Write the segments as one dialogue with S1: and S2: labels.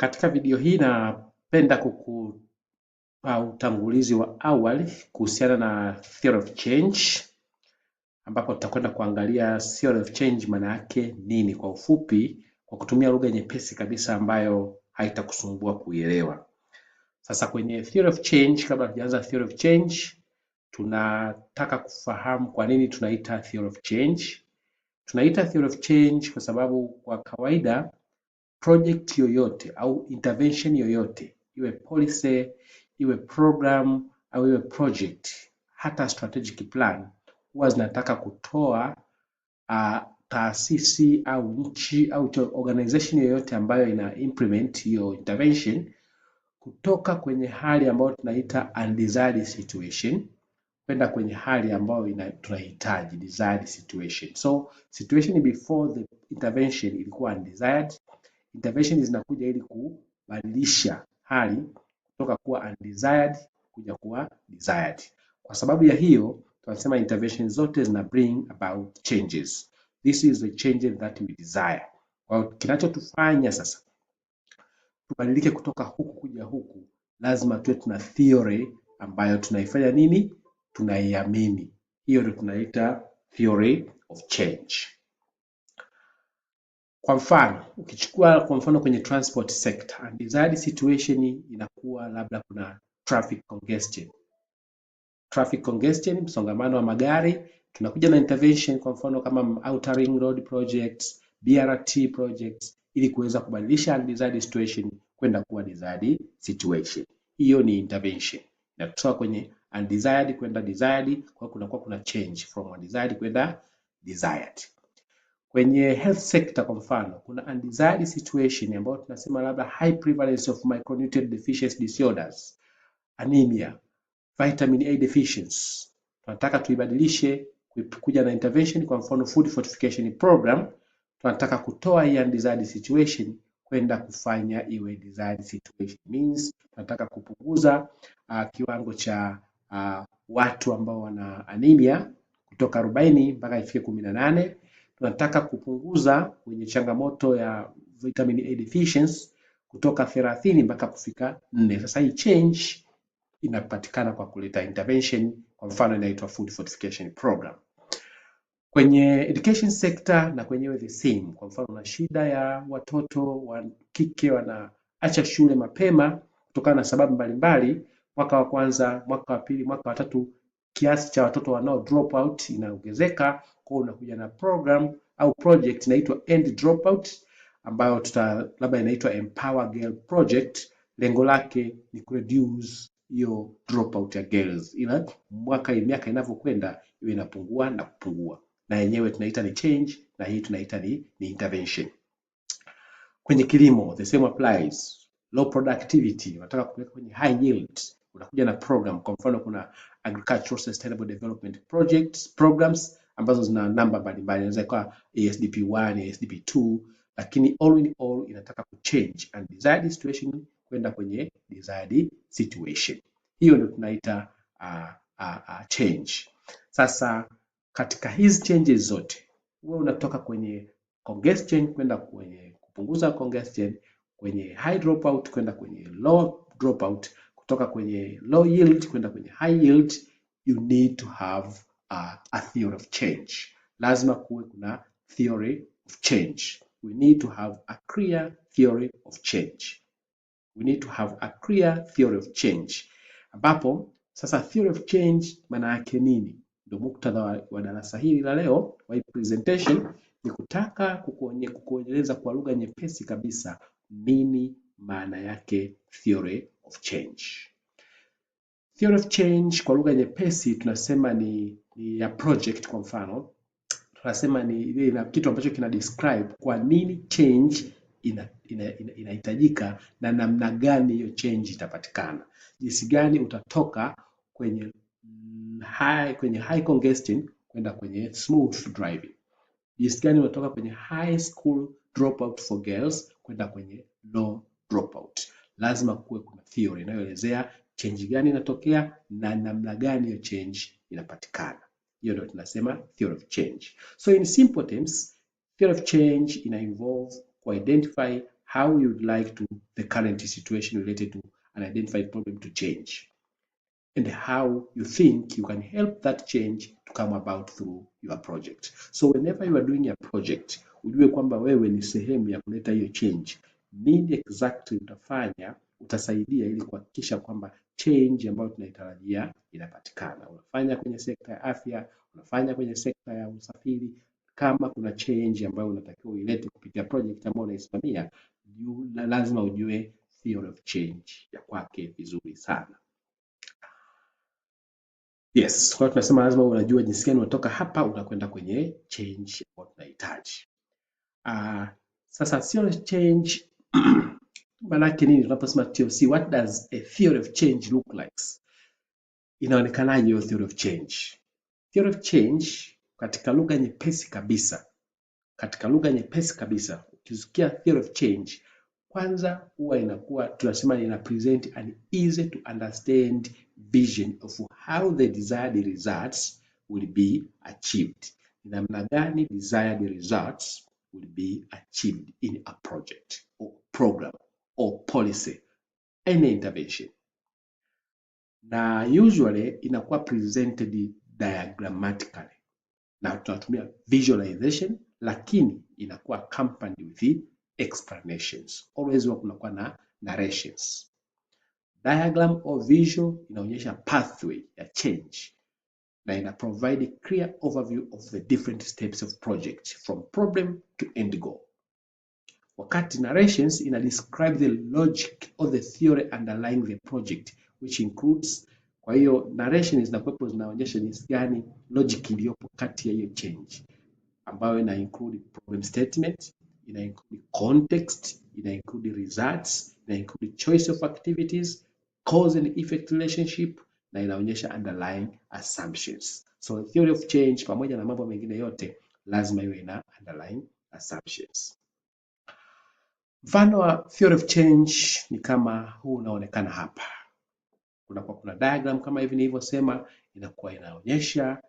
S1: Katika video hii napenda kukupa utangulizi wa awali kuhusiana na theory of change, ambapo tutakwenda kuangalia theory of change maana yake nini kwa ufupi, kwa kutumia lugha nyepesi kabisa ambayo haitakusumbua kuielewa. Sasa kwenye theory of change, kabla tujaanza theory of change, tunataka kufahamu kwa nini tunaita theory of change. Tunaita theory of change kwa sababu kwa kawaida project yoyote au intervention yoyote, iwe policy, iwe program au iwe project, hata strategic plan, huwa zinataka kutoa uh, taasisi au nchi au organization yoyote ambayo ina implement hiyo intervention kutoka kwenye hali ambayo tunaita undesired situation kwenda kwenye hali ambayo ina, tunahitaji desired situation. So situation before the intervention ilikuwa undesired, Intervention zinakuja ili kubadilisha hali kutoka kuwa undesired kuja kuwa desired. Kwa sababu ya hiyo tunasema intervention zote zina bring about changes. This is the change that we desire. Kwa kinachotufanya sasa tubadilike kutoka huku kuja huku, lazima tuwe tuna theory ambayo tunaifanya nini, tunaiamini. Hiyo ndio tunaita theory of change. Kwa mfano ukichukua kwa mfano kwenye transport sector, and undesired situation inakuwa labda kuna traffic congestion. Traffic congestion, msongamano wa magari, tunakuja na intervention kwa mfano kama outer ring road projects, BRT projects ili kuweza kubadilisha undesired situation kwenda kuwa desired situation. Hiyo ni intervention. Na kutoka kwenye undesired kwenda desired, kwa kunakuwa kuna change from undesired kwenda desired. Kwenye health sector kwa mfano kuna undesired situation ambayo tunasema labda high prevalence of micronutrient deficiency disorders, anemia, vitamin A deficiency. Tunataka tuibadilishe kuja na intervention, kwa mfano food fortification program. Tunataka kutoa hii undesired situation kwenda kufanya iwe desired situation, means tunataka kupunguza uh, kiwango cha uh, watu ambao wana anemia kutoka 40 mpaka ifike kumi tunataka kupunguza wenye changamoto ya vitamin A deficiency kutoka 30 mpaka kufika 4. Sasa hii change inapatikana kwa kuleta intervention, kwa mfano inaitwa food fortification program. Kwenye education sector na kwenyewe the same. Kwa mfano na shida ya watoto wa kike wanaacha shule mapema kutokana na sababu mbalimbali, mwaka wa kwanza, mwaka wa pili, mwaka wa tatu kiasi cha watoto wanao drop out inaongezeka. Kwa hiyo unakuja na program au project inaitwa End Dropout ambayo tuta labda inaitwa Empower Girl Project. Lengo lake ni ku reduce hiyo dropout ya girls, ila mwaka miaka inavyokwenda hiyo inapungua na kupungua, na yenyewe tunaita ni change, na hii tunaita ni, ni intervention. Kwenye kilimo the same applies. Low productivity, unataka kuweka kwenye high yield, unakuja na program. Kwa mfano kuna agricultural sustainable development projects programs ambazo zina namba mbalimbali, inaweza ikawa ASDP 1, ASDP 2, lakini all in all inataka kuchange desired situation kwenda kwenye desired situation. Hiyo ndio tunaita uh, uh, uh, change. Sasa katika hizi changes zote wewe unatoka kwenye congestion kwenda kwenye kupunguza congestion, kwenye high dropout kwenda kwenye low dropout kutoka kwenye low yield kwenda kwenye high yield, you need to have a, a theory of change. Lazima kuwe kuna theory of change. We need to have a clear theory of change. We need to have a clear theory of change, ambapo sasa theory of change maana yake nini? Ndio muktadha wa, darasa hili la leo wa presentation ni kutaka kukuonye, kukueleza kwa lugha nyepesi kabisa nini maana yake theory of change. Theory of change kwa lugha nyepesi tunasema ni, ni ya project kwa mfano tunasema ni ile kitu ambacho kina describe kwa nini change inahitajika ina, ina, ina na namna gani hiyo change itapatikana, jinsi gani utatoka kwenye mm, high, kwenye high congestion kwenda kwenye smooth driving, jinsi gani unatoka kwenye high school dropout for girls kwenda kwenye low dropout. Lazima kuwe theory inayoelezea change gani inatokea na namna gani hiyo change inapatikana. Hiyo ndio tunasema theory of change. So in simple terms, theory of change ina involve ku identify how you would like to the current situation related to an identified problem to change and how you think you can help that change to come about through your project. So whenever you are doing your project, ujue kwamba wewe ni sehemu ya kuleta hiyo change. Nini exactly utafanya utasaidia ili kuhakikisha kwamba change ambayo tunaitarajia inapatikana. Unafanya kwenye sekta ya afya, unafanya kwenye sekta ya usafiri. Kama kuna change ambayo unatakiwa uilete kupitia project ambayo unaisimamia, lazima ujue theory of change ya kwake vizuri sana. Yes, kwa tunasema lazima unajua jinsi gani unatoka hapa unakwenda kwenye change ambayo tunahitaji. Uh, sasa sio change Maanake nini tunaposema TOC, what does a theory of change look like? Inaonekanaje hiyo theory of change? Theory of change katika lugha nyepesi kabisa, katika lugha nyepesi kabisa, ukisikia theory of change kwanza huwa inakuwa tunasema ina present an easy to understand vision of how the desired results will be achieved, namna gani desired results will be achieved in a project or program or policy, any intervention, na usually inakuwa presented diagrammatically na tunatumia visualization, lakini inakuwa accompanied with explanations. Always huwa kunakuwa na narrations. Diagram or visual inaonyesha pathway ya change na ina provide clear overview of the different steps of project from problem to end goal wakati narrations ina describe the logic or the theory underlying the project which includes. Kwa hiyo narrations zinakuwepo zinaonyesha jinsi gani logic iliyopo kati ya hiyo change ambayo ina include problem statement, ina include context, ina include results, ina include choice of activities, cause and effect relationship na inaonyesha underlying assumptions. So theory of change pamoja na mambo mengine yote lazima iwe ina underlying assumptions. Mfano wa theory of change ni kama huu unaonekana hapa. Kunakuwa kuna diagram kama hivi nilivyosema, inakuwa inaonyesha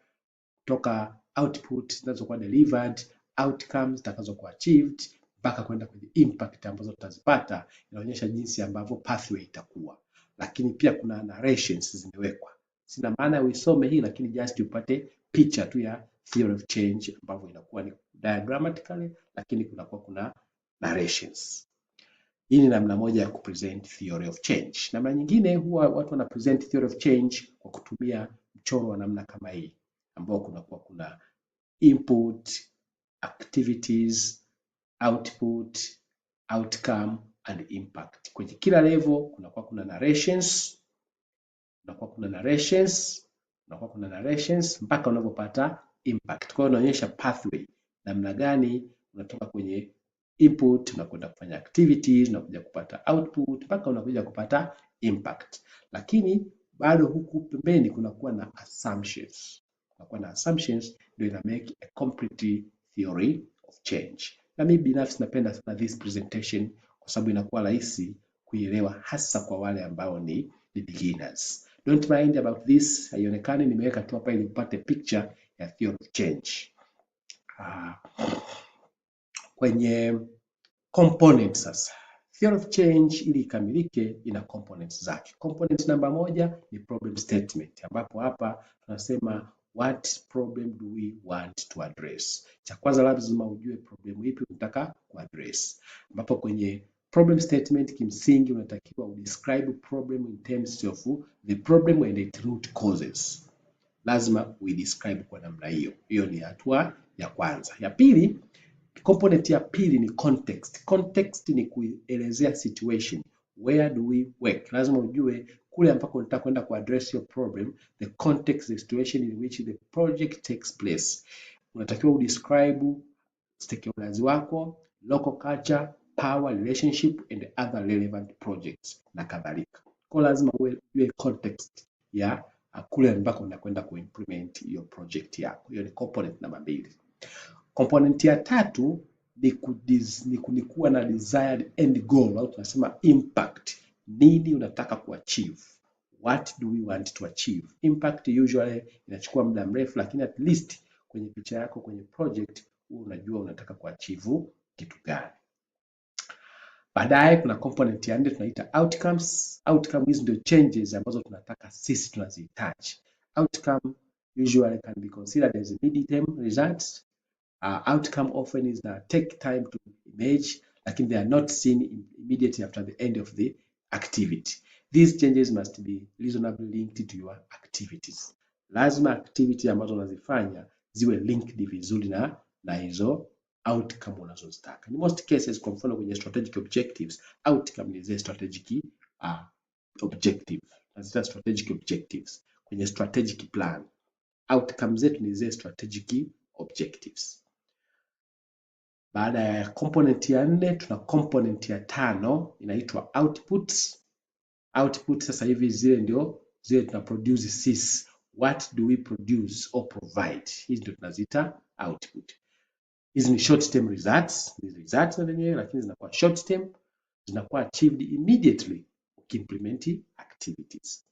S1: kutoka output zinazokuwa delivered, outcomes zitakazokuwa achieved mpaka kwenda kwenye impact ambazo tutazipata. Inaonyesha jinsi ambavyo pathway itakuwa, lakini pia kuna narrations zimewekwa. Sina maana ya uisome hii, lakini just upate picha tu ya theory of change ambavyo inakuwa ni diagrammatically, lakini kunakuwa kuna narrations. Hii ni namna moja ya kupresent theory of change. Namna nyingine huwa watu wana present theory of change kwa kutumia mchoro wa namna kama hii ambao kunakuwa kuna input, activities, output, outcome and impact. Kwenye kila level kunakuwa kuna narrations, kunakuwa kuna narrations, kunakuwa kuna narrations mpaka unapopata impact. Kwa hiyo inaonyesha pathway namna gani unatoka kwenye input, unakwenda kufanya activities, unakuja kupata output mpaka unakuja kupata impact. Lakini bado huku pembeni kunakuwa na assumptions, kunakuwa na assumptions ndio ina make a complete theory of change. Na mimi binafsi napenda sana this presentation kwa sababu inakuwa rahisi kuielewa hasa kwa wale ambao ni, ni beginners. Don't mind about this, haionekani, nimeweka tu hapa ili upate picture ya theory of change. Ah kwenye component sasa. Theory of change ili ikamilike ina components zake. Component namba moja ni problem statement, ambapo hapa tunasema what problem do we want to address. Cha kwanza lazima ujue problem ipi unataka ku address, ambapo kwenye problem statement kimsingi unatakiwa udescribe problem in terms of the problem and its root causes. Lazima uidescribe kwa namna hiyo. Hiyo ni hatua ya kwanza. Ya pili Component ya pili ni context. Context ni kuelezea situation. Where do we work? Lazima ujue kule ambako unataka kwenda ku address your problem, the context, the situation in which the project takes place. Unatakiwa udescribe stakeholders wako, local culture, power, relationship and other relevant projects na kadhalika. Kwa lazima uwe context ya kule ambako unakwenda implement your project yako. Hiyo ni component namba mbili. Komponenti ya tatu ni, kudiz, ni, ku- ni kuwa na desired end goal au tunasema impact. Nini unataka kuachieve? What do we want to achieve? Impact usually inachukua muda mrefu, lakini at least kwenye picha yako kwenye project huwa unajua unataka kuachieve kitu gani. Baadaye kuna component ya nne tunaita outcomes. Outcome hizi ndio changes ambazo tunataka sisi tunazihitaji. Outcome usually can be considered as immediate term results Uh, outcome often is that take time to emerge, lakini they are not seen immediately after the end of the activity. These changes must be reasonably linked to your activities. Lazima activity ambazo unazifanya ziwe linked vizuri na na hizo outcome unazozitaka. In most cases, kwa mfano kwenye strategic objectives, outcome ni zile strategic uh, objective. Nazita strategic objectives. Kwenye strategic plan, outcome zetu ni zile strategic objectives. Baada ya component ya nne tuna component ya tano inaitwa outputs. Output sasa hivi zile ndio zile tuna produce sisi, what do we produce or provide, hizi ndio tunaziita output. Hizi ni short term results, ni results na zenyewe lakini zinakuwa short term, zinakuwa achieved immediately ukiimplement activities.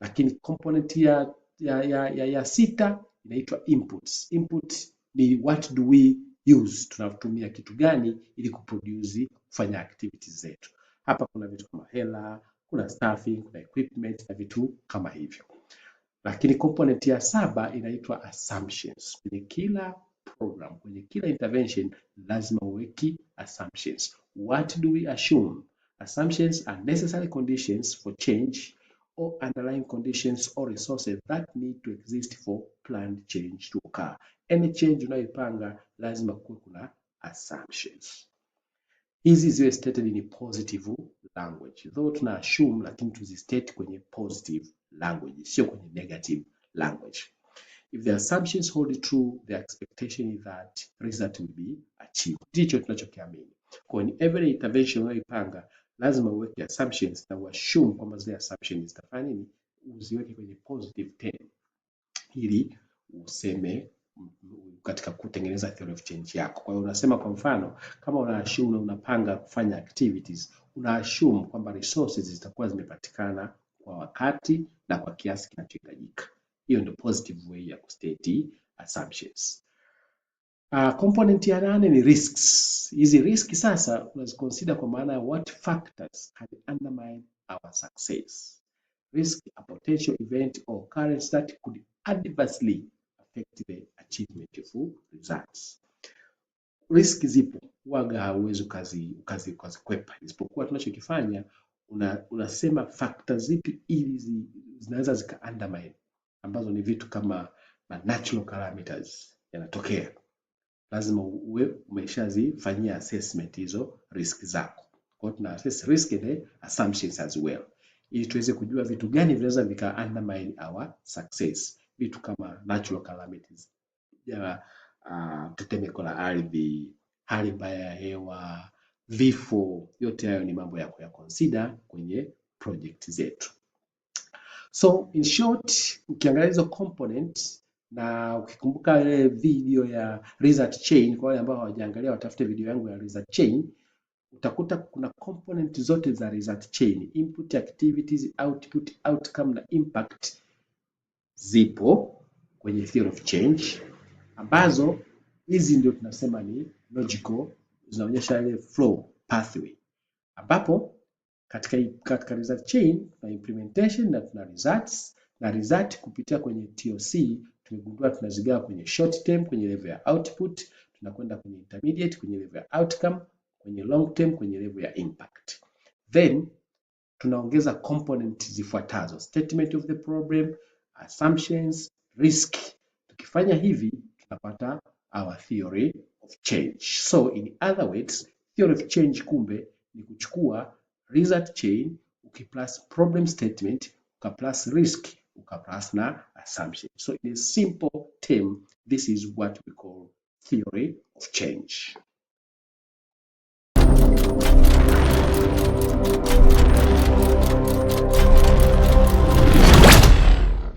S1: Lakini component ya, ya, ya, ya, ya sita inaitwa inputs. Input ni what do we use, tunatumia kitu gani ili kuproduce kufanya activities zetu. Hapa kuna vitu kama hela, kuna staffing, kuna equipment na vitu kama hivyo. Lakini component ya saba inaitwa assumptions. Kwenye kila program, kwenye kila intervention lazima uweki assumptions. What do we assume? Assumptions are necessary conditions for change or underlying conditions or resources that need to exist for planned change to occur. Any change unayoipanga lazima kuwe kuna assumptions. Hizi ziwe stated in positive language. Though tuna assume lakini tuzistate kwenye positive language, sio kwenye negative language. If the assumptions hold true, the expectation is that result will be achieved. Ndicho tunachokiamini. Kwa hiyo every intervention unayoipanga lazima uweke assumptions na uassume kwamba zile assumptions zitafanya nini, uziweke kwenye positive term ili useme katika kutengeneza theory of change yako. Kwa hiyo unasema kwa mfano kama una assume na unapanga kufanya activities, una assume kwamba resources zitakuwa zimepatikana kwa wakati na kwa kiasi kinachohitajika. Hiyo ndio positive way ya kustate assumptions. Uh, component ya nane ni risks. Hizi risk sasa unaziconsider kwa maana ya what factors can undermine our success. Risk a potential event or occurrence that could adversely affect the achievement of results. Risk zipo, waga hauwezi ukazikwepa, isipokuwa tunachokifanya una, unasema factors zipi ili zi, zinaweza zika undermine ambazo ni vitu kama natural calamities yanatokea lazima uwe umeshazifanyia assessment hizo risk zako. Kwa hiyo tuna assess risk and assumptions as well, ili tuweze kujua vitu gani vinaweza vika undermine our success, vitu kama natural calamities ya uh, tetemeko la ardhi, hali mbaya ya hewa, vifo, yote hayo ni mambo ya consider kwenye project zetu. So in short, ukiangalia hizo components na ukikumbuka ile video ya Result Chain, kwa wale ambao hawajaangalia watafute video yangu ya Result Chain, utakuta kuna component zote za Result Chain, input activities, output, outcome na impact zipo kwenye theory of change, ambazo hizi ndio tunasema ni logical, zinaonyesha ile flow pathway, ambapo katika, katika result chain tuna implementation na tuna results na result kupitia kwenye TOC Tumegundua tunazigawa kwenye short term kwenye level ya output, tunakwenda kwenye intermediate kwenye level ya outcome, kwenye long term kwenye level ya impact. Then tunaongeza component zifuatazo: statement of the problem, assumptions, risk. Tukifanya hivi tunapata our theory of change. So in other words, theory of change kumbe ni kuchukua result chain ukiplus problem statement ukaplus risk Kaplasner assumption. So in a simple term, this is what we call theory of change.